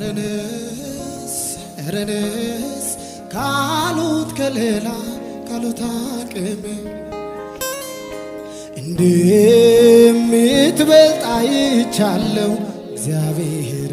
ረንስ ረንስ ካሉት ከሌላ ካሉት አቅሜ እንደምትበልጥ አይቻለው እግዚአብሔር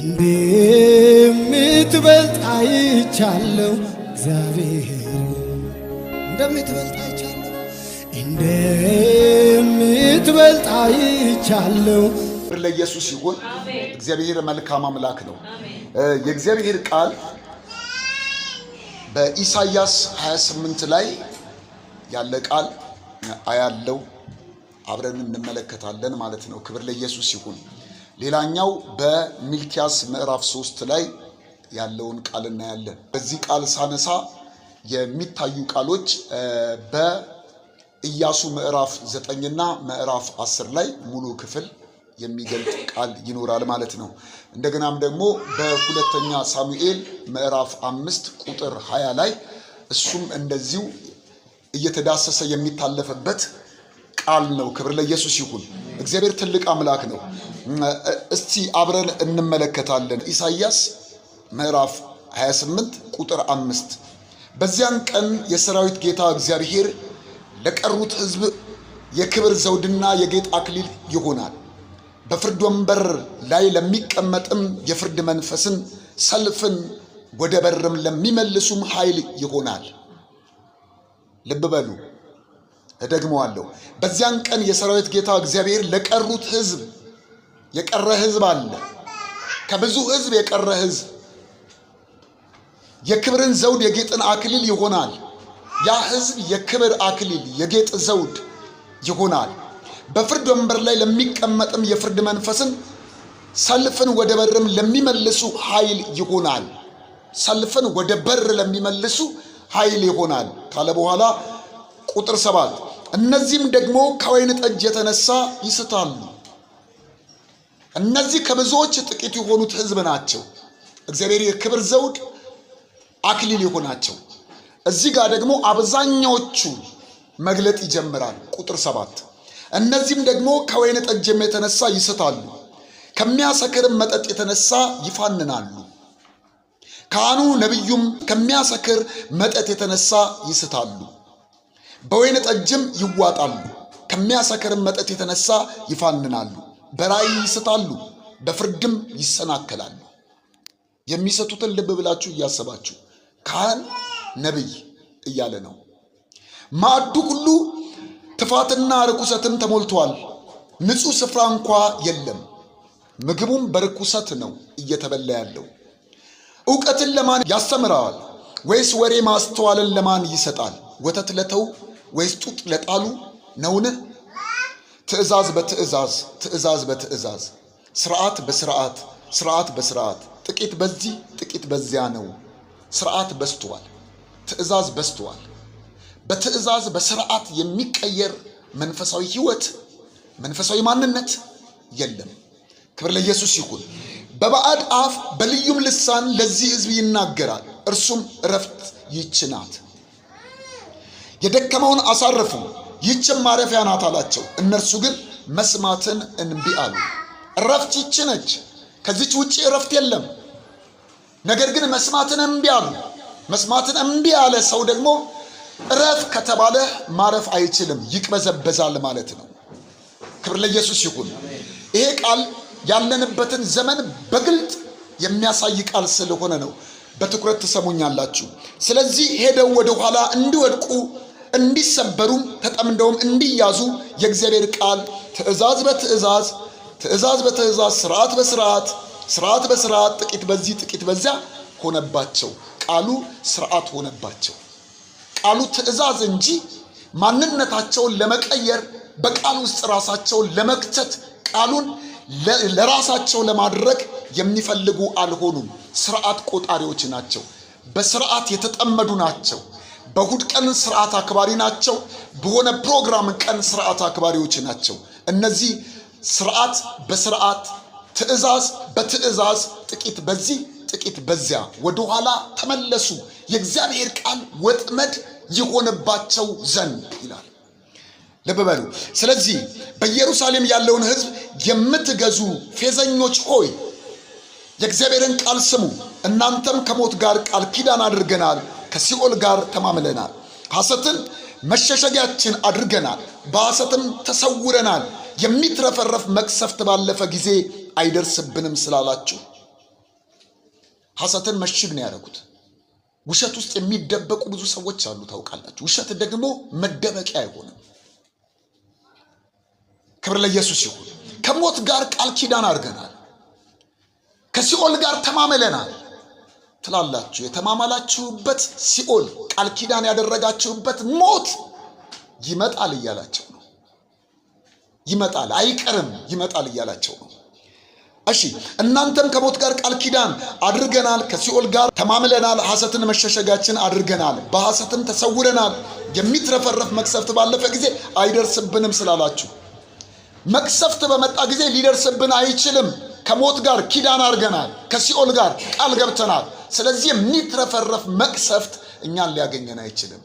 እንደምትበልጥ አይቻለው እግዚአብሔር እንደምትበልጥ አይቻለው እንደምትበልጥ አይቻለው ክብር ለኢየሱስ ይሁን። እግዚአብሔር መልካም አምላክ ነው። የእግዚአብሔር ቃል በኢሳይያስ 28 ላይ ያለ ቃል አያለው አብረን እንመለከታለን ማለት ነው። ክብር ለኢየሱስ ይሁን። ሌላኛው በሚልኪያስ ምዕራፍ ሶስት ላይ ያለውን ቃል እናያለን። በዚህ ቃል ሳነሳ የሚታዩ ቃሎች በኢያሱ ምዕራፍ ዘጠኝና ምዕራፍ አስር ላይ ሙሉ ክፍል የሚገልጥ ቃል ይኖራል ማለት ነው። እንደገናም ደግሞ በሁለተኛ ሳሙኤል ምዕራፍ አምስት ቁጥር ሀያ ላይ እሱም እንደዚሁ እየተዳሰሰ የሚታለፈበት ቃል ነው። ክብር ለኢየሱስ ይሁን። እግዚአብሔር ትልቅ አምላክ ነው። እስቲ አብረን እንመለከታለን። ኢሳይያስ ምዕራፍ 28 ቁጥር አምስት በዚያን ቀን የሰራዊት ጌታ እግዚአብሔር ለቀሩት ሕዝብ የክብር ዘውድና የጌጥ አክሊል ይሆናል በፍርድ ወንበር ላይ ለሚቀመጥም የፍርድ መንፈስን፣ ሰልፍን ወደ በርም ለሚመልሱም ኃይል ይሆናል። ልብ በሉ፣ እደግመዋለሁ። በዚያን ቀን የሰራዊት ጌታ እግዚአብሔር ለቀሩት ሕዝብ የቀረ ሕዝብ አለ፣ ከብዙ ሕዝብ የቀረ ሕዝብ የክብርን ዘውድ የጌጥን አክሊል ይሆናል። ያ ሕዝብ የክብር አክሊል የጌጥ ዘውድ ይሆናል። በፍርድ ወንበር ላይ ለሚቀመጥም የፍርድ መንፈስን ሰልፍን ወደ በርም ለሚመልሱ ኃይል ይሆናል። ሰልፍን ወደ በር ለሚመልሱ ኃይል ይሆናል ካለ በኋላ ቁጥር ሰባት እነዚህም ደግሞ ከወይን ጠጅ የተነሳ ይስታሉ። እነዚህ ከብዙዎች ጥቂት የሆኑት ሕዝብ ናቸው። እግዚአብሔር የክብር ዘውድ አክሊል የሆናቸው እዚህ ጋር ደግሞ አብዛኛዎቹ መግለጥ ይጀምራል። ቁጥር ሰባት እነዚህም ደግሞ ከወይን ጠጅም የተነሳ ይስታሉ፣ ከሚያሰክርም መጠጥ የተነሳ ይፋንናሉ። ካህኑ ነቢዩም ከሚያሰክር መጠጥ የተነሳ ይስታሉ፣ በወይን ጠጅም ይዋጣሉ፣ ከሚያሰክርም መጠጥ የተነሳ ይፋንናሉ። በራእይ ይስታሉ፣ በፍርድም ይሰናከላሉ። የሚሰቱትን ልብ ብላችሁ እያሰባችሁ ካህን ነቢይ እያለ ነው። ማዕዱ ሁሉ ትፋትና ርኩሰትም ተሞልቷል። ንጹሕ ስፍራ እንኳ የለም። ምግቡም በርኩሰት ነው እየተበላ ያለው። እውቀትን ለማን ያስተምረዋል? ወይስ ወሬ ማስተዋልን ለማን ይሰጣል? ወተት ለተው ወይስ ጡጥ ለጣሉ ነውን? ትእዛዝ በትእዛዝ ትእዛዝ በትእዛዝ ስርዓት በስርዓት ስርዓት በስርዓት ጥቂት በዚህ ጥቂት በዚያ ነው። ስርዓት በስተዋል፣ ትእዛዝ በስተዋል። በትዕዛዝ በስርዓት የሚቀየር መንፈሳዊ ህይወት መንፈሳዊ ማንነት የለም። ክብር ለኢየሱስ ይሁን። በባዕድ አፍ በልዩም ልሳን ለዚህ ህዝብ ይናገራል፣ እርሱም እረፍት ይችናት ናት። የደከመውን አሳረፉ፣ ይችም ማረፊያ ናት አላቸው። እነርሱ ግን መስማትን እንቢ አሉ። እረፍት ይች ነች፣ ከዚች ውጭ እረፍት የለም። ነገር ግን መስማትን እንቢ አሉ። መስማትን እንቢ ያለ ሰው ደግሞ እረፍ ከተባለ ማረፍ አይችልም፣ ይቅበዘበዛል ማለት ነው። ክብር ለኢየሱስ ይሁን። ይሄ ቃል ያለንበትን ዘመን በግልጥ የሚያሳይ ቃል ስለሆነ ነው በትኩረት ትሰሙኛላችሁ። ስለዚህ ሄደው ወደ ኋላ እንዲወድቁ እንዲሰበሩም ተጠምደውም እንዲያዙ የእግዚአብሔር ቃል ትእዛዝ በትእዛዝ ትእዛዝ በትእዛዝ ስርዓት በስርዓት ስርዓት በስርዓት ጥቂት በዚህ ጥቂት በዚያ ሆነባቸው። ቃሉ ስርዓት ሆነባቸው። ቃሉ ትዕዛዝ እንጂ ማንነታቸውን ለመቀየር በቃል ውስጥ ራሳቸውን ለመክተት ቃሉን ለራሳቸው ለማድረግ የሚፈልጉ አልሆኑም። ስርዓት ቆጣሪዎች ናቸው። በስርዓት የተጠመዱ ናቸው። በእሁድ ቀን ስርዓት አክባሪ ናቸው። በሆነ ፕሮግራም ቀን ስርዓት አክባሪዎች ናቸው። እነዚህ ስርዓት በስርዓት ትዕዛዝ በትዕዛዝ ጥቂት በዚህ ጥቂት በዚያ ወደኋላ ተመለሱ። የእግዚአብሔር ቃል ወጥመድ ይሆንባቸው ዘንድ ይላል። ልብ በሉ። ስለዚህ በኢየሩሳሌም ያለውን ሕዝብ የምትገዙ ፌዘኞች ሆይ የእግዚአብሔርን ቃል ስሙ። እናንተም ከሞት ጋር ቃል ኪዳን አድርገናል፣ ከሲኦል ጋር ተማምለናል፣ ሐሰትን መሸሸጊያችን አድርገናል፣ በሐሰትም ተሰውረናል፣ የሚትረፈረፍ መቅሰፍት ባለፈ ጊዜ አይደርስብንም ስላላችሁ ሐሰትን መሽግ ነው ያደረጉት። ውሸት ውስጥ የሚደበቁ ብዙ ሰዎች አሉ። ታውቃላችሁ፣ ውሸት ደግሞ መደበቂያ አይሆንም። ክብር ለኢየሱስ ይሁን። ከሞት ጋር ቃል ኪዳን አድርገናል። ከሲኦል ጋር ተማመለናል ትላላችሁ። የተማማላችሁበት ሲኦል፣ ቃል ኪዳን ያደረጋችሁበት ሞት ይመጣል እያላቸው ነው። ይመጣል አይቀርም፣ ይመጣል እያላቸው ነው። እሺ እናንተም ከሞት ጋር ቃል ኪዳን አድርገናል፣ ከሲኦል ጋር ተማምለናል፣ ሐሰትን መሸሸጋችን አድርገናል፣ በሐሰትም ተሰውረናል፣ የሚትረፈረፍ መቅሰፍት ባለፈ ጊዜ አይደርስብንም ስላላችሁ መቅሰፍት በመጣ ጊዜ ሊደርስብን አይችልም። ከሞት ጋር ኪዳን አድርገናል፣ ከሲኦል ጋር ቃል ገብተናል። ስለዚህ የሚትረፈረፍ መቅሰፍት እኛን ሊያገኘን አይችልም፣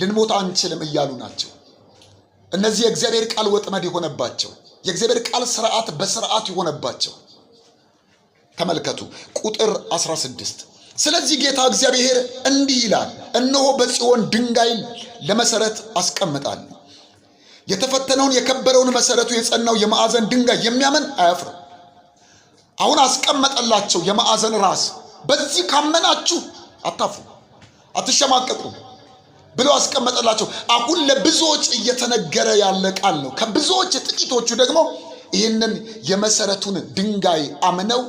ልንሞት አንችልም እያሉ ናቸው። እነዚህ የእግዚአብሔር ቃል ወጥመድ የሆነባቸው የእግዚአብሔር ቃል ስርዓት በስርዓት የሆነባቸው ተመልከቱ፣ ቁጥር 16 ስለዚህ ጌታ እግዚአብሔር እንዲህ ይላል፣ እነሆ በጽዮን ድንጋይን ለመሰረት አስቀምጣል። የተፈተነውን የከበረውን መሰረቱ የጸናው የማዕዘን ድንጋይ የሚያምን አያፍርም። አሁን አስቀመጠላቸው የማዕዘን ራስ። በዚህ ካመናችሁ አታፍሩ፣ አትሸማቀቁም። ብሎ አስቀመጠላቸው። አሁን ለብዙዎች እየተነገረ ያለ ቃል ነው። ከብዙዎች ጥቂቶቹ ደግሞ ይህንን የመሰረቱን ድንጋይ አምነው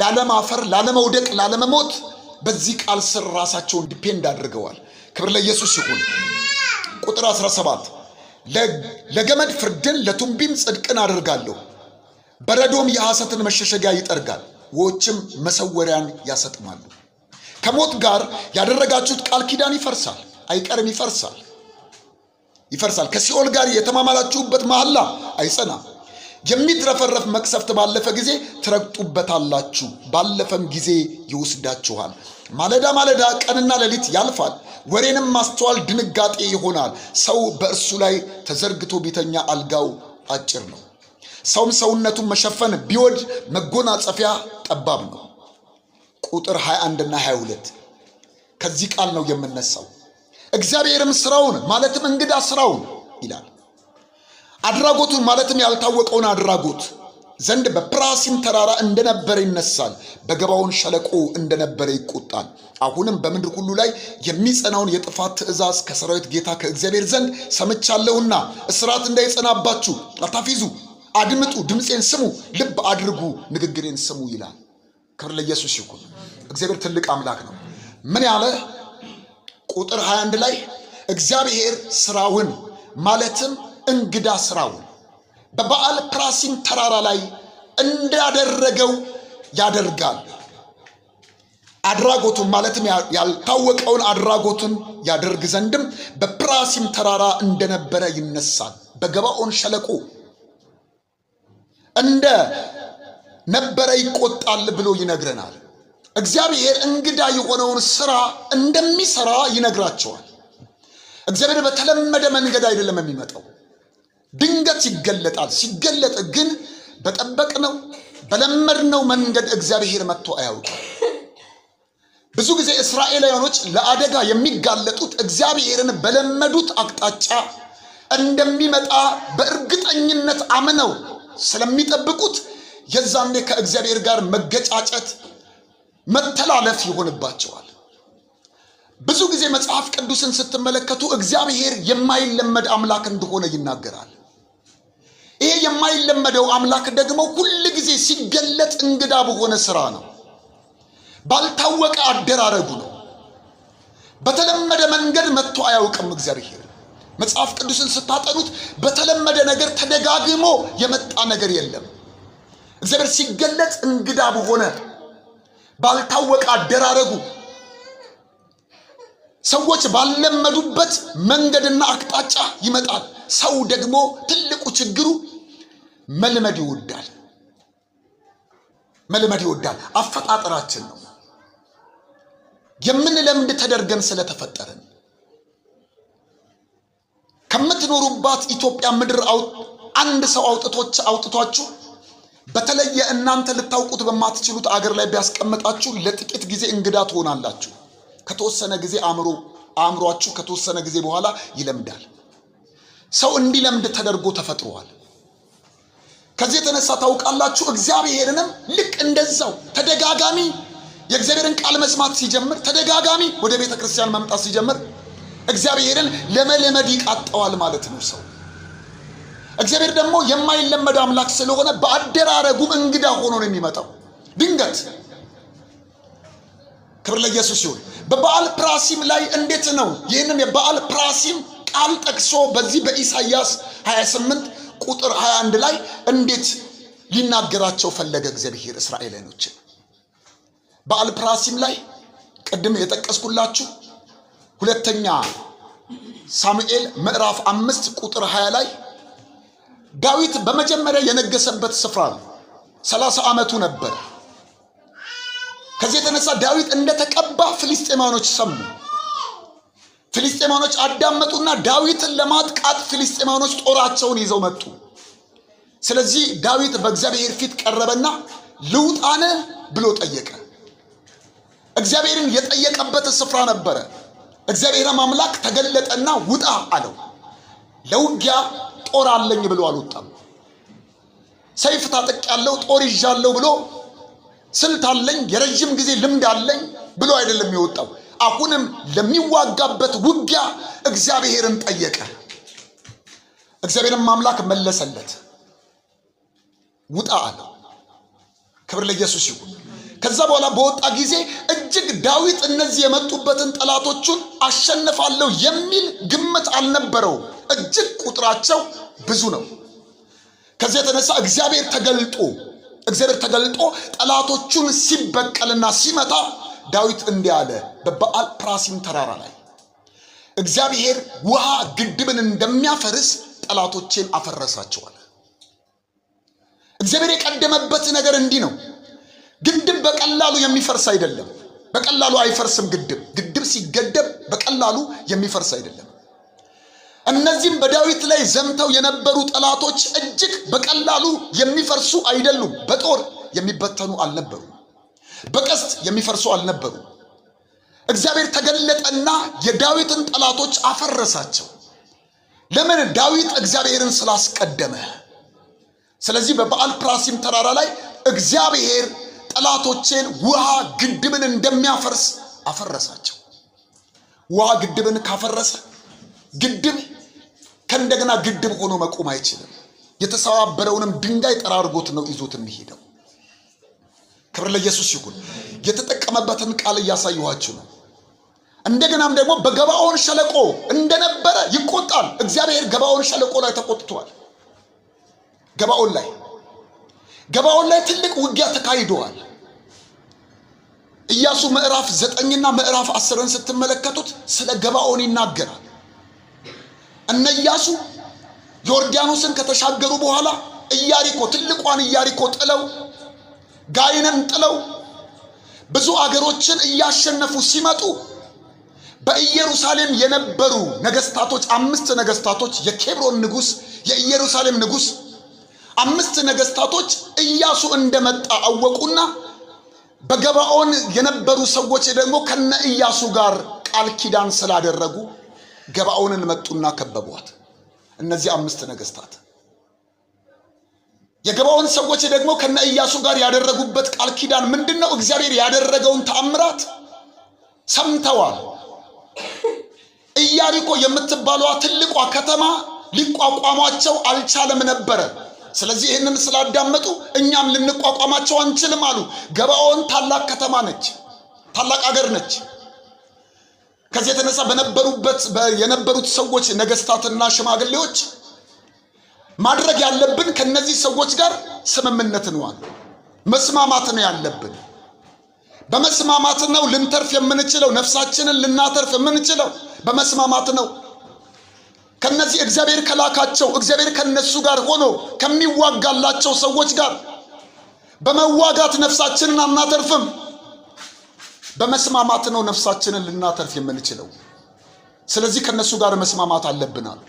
ላለማፈር፣ ላለመውደቅ፣ ላለመሞት በዚህ ቃል ስር ራሳቸውን ዲፔንድ አድርገዋል። ክብር ለኢየሱስ ይሁን። ቁጥር 17 ለገመድ ፍርድን ለቱንቢም ጽድቅን አደርጋለሁ፣ በረዶም የሐሰትን መሸሸጊያ ይጠርጋል፣ ውኆችም መሰወሪያን ያሰጥማሉ። ከሞት ጋር ያደረጋችሁት ቃል ኪዳን ይፈርሳል፣ አይቀርም፣ ይፈርሳል፣ ይፈርሳል። ከሲኦል ጋር የተማማላችሁበት መሐላ አይጸናም። የሚትረፈረፍ መቅሰፍት ባለፈ ጊዜ ትረግጡበታላችሁ፣ ባለፈም ጊዜ ይወስዳችኋል። ማለዳ ማለዳ ቀንና ሌሊት ያልፋል፣ ወሬንም ማስተዋል ድንጋጤ ይሆናል። ሰው በእርሱ ላይ ተዘርግቶ ቢተኛ አልጋው አጭር ነው። ሰውም ሰውነቱን መሸፈን ቢወድ መጎናጸፊያ ጠባብ ነው። ቁጥር 21 እና 22 ከዚህ ቃል ነው የምነሳው። እግዚአብሔርም ስራውን ማለትም እንግዳ ስራውን ይላል አድራጎቱን ማለትም ያልታወቀውን አድራጎት ዘንድ በፕራሲም ተራራ እንደነበረ ይነሳል፣ በገባውን ሸለቆ እንደነበረ ይቆጣል። አሁንም በምድር ሁሉ ላይ የሚጸናውን የጥፋት ትእዛዝ ከሰራዊት ጌታ ከእግዚአብሔር ዘንድ ሰምቻለሁና እስራት እንዳይጸናባችሁ አታፊዙ፣ አድምጡ፣ ድምፄን ስሙ፣ ልብ አድርጉ፣ ንግግሬን ስሙ ይላል። ክብር ለኢየሱስ ይሁን። እግዚአብሔር ትልቅ አምላክ ነው። ምን ያለ ቁጥር 21 ላይ እግዚአብሔር ስራውን ማለትም እንግዳ ስራውን በበዓል ፕራሲን ተራራ ላይ እንዳደረገው ያደርጋል። አድራጎቱን ማለትም ያልታወቀውን አድራጎቱን ያደርግ ዘንድም በፕራሲም ተራራ እንደነበረ ይነሳል። በገባኦን ሸለቆ እንደ ነበረ ይቆጣል ብሎ ይነግረናል። እግዚአብሔር እንግዳ የሆነውን ስራ እንደሚሰራ ይነግራቸዋል። እግዚአብሔር በተለመደ መንገድ አይደለም የሚመጣው፣ ድንገት ይገለጣል። ሲገለጥ ግን በጠበቅነው በለመድነው መንገድ እግዚአብሔር መጥቶ አያውቅም። ብዙ ጊዜ እስራኤላውያኖች ለአደጋ የሚጋለጡት እግዚአብሔርን በለመዱት አቅጣጫ እንደሚመጣ በእርግጠኝነት አምነው ስለሚጠብቁት የዛኔ ከእግዚአብሔር ጋር መገጫጨት መተላለፍ ይሆንባቸዋል። ብዙ ጊዜ መጽሐፍ ቅዱስን ስትመለከቱ እግዚአብሔር የማይለመድ አምላክ እንደሆነ ይናገራል። ይሄ የማይለመደው አምላክ ደግሞ ሁል ጊዜ ሲገለጥ እንግዳ በሆነ ስራ ነው፣ ባልታወቀ አደራረጉ ነው። በተለመደ መንገድ መጥቶ አያውቅም። እግዚአብሔር መጽሐፍ ቅዱስን ስታጠኑት በተለመደ ነገር ተደጋግሞ የመጣ ነገር የለም። እግዚአብሔር ሲገለጽ እንግዳ በሆነ ባልታወቀ አደራረጉ ሰዎች ባልለመዱበት መንገድና አቅጣጫ ይመጣል። ሰው ደግሞ ትልቁ ችግሩ መልመድ ይወዳል። መልመድ ይወዳል። አፈጣጠራችን ነው። የምንለምድ ተደርገን ስለተፈጠርን ከምትኖሩባት ኢትዮጵያ ምድር አንድ ሰው አውጥቶች አውጥቷችሁ በተለየ እናንተ ልታውቁት በማትችሉት አገር ላይ ቢያስቀምጣችሁ ለጥቂት ጊዜ እንግዳ ትሆናላችሁ። ከተወሰነ ጊዜ አእምሮ አእምሯችሁ ከተወሰነ ጊዜ በኋላ ይለምዳል። ሰው እንዲለምድ ተደርጎ ተፈጥሯል። ከዚህ የተነሳ ታውቃላችሁ፣ እግዚአብሔርንም ልክ እንደዛው ተደጋጋሚ የእግዚአብሔርን ቃል መስማት ሲጀምር፣ ተደጋጋሚ ወደ ቤተ ክርስቲያን መምጣት ሲጀምር፣ እግዚአብሔርን ለመለመድ ይቃጠዋል ማለት ነው ሰው እግዚአብሔር ደግሞ የማይለመድ አምላክ ስለሆነ በአደራረጉም እንግዳ ሆኖ ነው የሚመጣው። ድንገት ክብር ለኢየሱስ ይሁን። በበዓል ፕራሲም ላይ እንዴት ነው ይህንን የበዓል ፕራሲም ቃል ጠቅሶ በዚህ በኢሳይያስ 28 ቁጥር 21 ላይ እንዴት ሊናገራቸው ፈለገ እግዚአብሔር እስራኤላውያኖችን? በዓል ፕራሲም ላይ ቅድም የጠቀስኩላችሁ ሁለተኛ ሳሙኤል ምዕራፍ አምስት ቁጥር 20 ላይ ዳዊት በመጀመሪያ የነገሰበት ስፍራ ነው። ሰላሳ ዓመቱ ነበር። ከዚህ የተነሳ ዳዊት እንደተቀባ ፊልስጤማኖች ሰሙ። ፊልስጤማኖች አዳመጡና ዳዊትን ለማጥቃት ፊልስጤማኖች ጦራቸውን ይዘው መጡ። ስለዚህ ዳዊት በእግዚአብሔር ፊት ቀረበና ልውጣነ ብሎ ጠየቀ። እግዚአብሔርን የጠየቀበት ስፍራ ነበረ። እግዚአብሔር አምላክ ተገለጠና ውጣ አለው ለውጊያ ጦር አለኝ ብሎ አልወጣም። ሰይፍ ታጠቅ ያለው ጦር ይዣለሁ ብሎ ስልት አለኝ የረዥም ጊዜ ልምድ አለኝ ብሎ አይደለም የወጣው። አሁንም ለሚዋጋበት ውጊያ እግዚአብሔርን ጠየቀ። እግዚአብሔርን ማምላክ መለሰለት፣ ውጣ አለው። ክብር ለኢየሱስ ይሁን። ከዛ በኋላ በወጣ ጊዜ እጅግ ዳዊት እነዚህ የመጡበትን ጠላቶቹን አሸንፋለሁ የሚል ግምት አልነበረው። እጅግ ቁጥራቸው ብዙ ነው። ከዚህ የተነሳ እግዚአብሔር ተገልጦ እግዚአብሔር ተገልጦ ጠላቶቹን ሲበቀልና ሲመታ ዳዊት እንዲህ አለ በበዓል ፕራሲም ተራራ ላይ እግዚአብሔር ውሃ ግድብን እንደሚያፈርስ ጠላቶቼን አፈረሳቸዋል። እግዚአብሔር የቀደመበት ነገር እንዲህ ነው። ግድብ በቀላሉ የሚፈርስ አይደለም። በቀላሉ አይፈርስም። ግድብ ግድብ ሲገደብ በቀላሉ የሚፈርስ አይደለም። እነዚህም በዳዊት ላይ ዘምተው የነበሩ ጠላቶች እጅግ በቀላሉ የሚፈርሱ አይደሉም። በጦር የሚበተኑ አልነበሩ፣ በቀስት የሚፈርሱ አልነበሩ። እግዚአብሔር ተገለጠና የዳዊትን ጠላቶች አፈረሳቸው። ለምን? ዳዊት እግዚአብሔርን ስላስቀደመ። ስለዚህ በበዓል ፕራሲም ተራራ ላይ እግዚአብሔር ጠላቶቼን ውሃ ግድብን እንደሚያፈርስ አፈረሳቸው። ውሃ ግድብን ካፈረሰ ግድብ ከእንደገና ግድብ ሆኖ መቆም አይችልም። የተሰባበረውንም ድንጋይ ጠራርጎት ነው ይዞት የሚሄደው። ክብር ለኢየሱስ ይሁን። የተጠቀመበትን ቃል እያሳየኋችሁ ነው። እንደገናም ደግሞ በገባኦን ሸለቆ እንደነበረ ይቆጣል። እግዚአብሔር ገባኦን ሸለቆ ላይ ተቆጥቷል። ገባኦን ላይ ገባኦን ላይ ትልቅ ውጊያ ተካሂደዋል። ኢያሱ ምዕራፍ ዘጠኝና ምዕራፍ አስርን ስትመለከቱት ስለ ገባኦን ይናገራል። እነ ኢያሱ ዮርዳኖስን ከተሻገሩ በኋላ ኢያሪኮ ትልቋን ኢያሪኮ ጥለው ጋይንን ጥለው ብዙ አገሮችን እያሸነፉ ሲመጡ በኢየሩሳሌም የነበሩ ነገስታቶች አምስት ነገስታቶች የኬብሮን ንጉስ፣ የኢየሩሳሌም ንጉስ አምስት ነገስታቶች ኢያሱ እንደመጣ አወቁና በገባኦን የነበሩ ሰዎች ደግሞ ከነ ኢያሱ ጋር ቃል ኪዳን ስላደረጉ ገባኦንን መጡና ከበቧት። እነዚህ አምስት ነገስታት የገባኦን ሰዎች ደግሞ ከነ ኢያሱ ጋር ያደረጉበት ቃል ኪዳን ምንድን ነው? እግዚአብሔር ያደረገውን ተአምራት ሰምተዋል። ኢያሪኮ የምትባሏ ትልቋ ከተማ ሊቋቋሟቸው አልቻለም ነበረ። ስለዚህ ይህንን ስላዳመጡ እኛም ልንቋቋማቸው አንችልም አሉ። ገባኦን ታላቅ ከተማ ነች፣ ታላቅ አገር ነች። ከዚህ የተነሳ በነበሩበት የነበሩት ሰዎች ነገስታትና ሽማግሌዎች ማድረግ ያለብን ከነዚህ ሰዎች ጋር ስምምነት ነዋል መስማማት ነው ያለብን። በመስማማት ነው ልንተርፍ የምንችለው፣ ነፍሳችንን ልናተርፍ የምንችለው በመስማማት ነው። ከነዚህ እግዚአብሔር ከላካቸው እግዚአብሔር ከነሱ ጋር ሆኖ ከሚዋጋላቸው ሰዎች ጋር በመዋጋት ነፍሳችንን አናተርፍም። በመስማማት ነው ነፍሳችንን ልናተርፍ የምንችለው። ስለዚህ ከነሱ ጋር መስማማት አለብናል።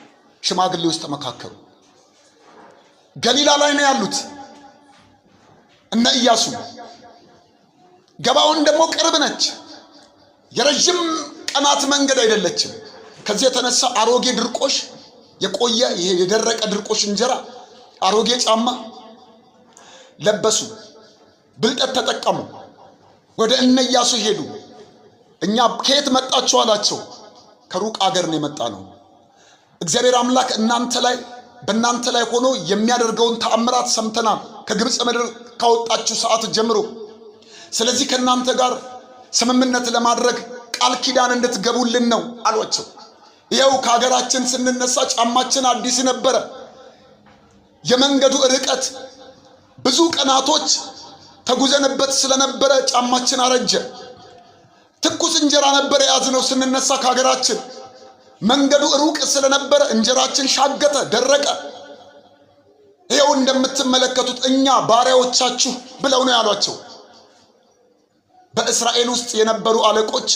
ሽማግሌ ውስጥ መካከሉ ገሊላ ላይ ነው ያሉት እነ ኢያሱ። ገባውን ደግሞ ቅርብ ነች፣ የረዥም ቀናት መንገድ አይደለችም። ከዚህ የተነሳ አሮጌ ድርቆሽ፣ የቆየ ይሄ የደረቀ ድርቆሽ እንጀራ፣ አሮጌ ጫማ ለበሱ፣ ብልጠት ተጠቀሙ። ወደ እነ ኢያሱ ሄዱ። እኛ ከየት መጣችሁ አላቸው። ከሩቅ አገር ነው የመጣ ነው። እግዚአብሔር አምላክ እናንተ ላይ በእናንተ ላይ ሆኖ የሚያደርገውን ተአምራት ሰምተናል፣ ከግብፅ ምድር ካወጣችሁ ሰዓት ጀምሮ። ስለዚህ ከእናንተ ጋር ስምምነት ለማድረግ ቃል ኪዳን እንድትገቡልን ነው አሏቸው። ይኸው ከሀገራችን ስንነሳ ጫማችን አዲስ ነበረ። የመንገዱ ርቀት ብዙ ቀናቶች ተጉዘንበት ስለነበረ ጫማችን አረጀ። ትኩስ እንጀራ ነበረ የያዝነው ስንነሳ ከሀገራችን። መንገዱ ሩቅ ስለነበረ እንጀራችን ሻገተ፣ ደረቀ። ይኸው እንደምትመለከቱት እኛ ባሪያዎቻችሁ ብለው ነው ያሏቸው። በእስራኤል ውስጥ የነበሩ አለቆች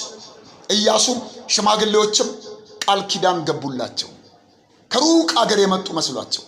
ኢያሱም ሽማግሌዎችም ቃል ኪዳን ገቡላቸው። ከሩቅ አገር የመጡ መስሏቸው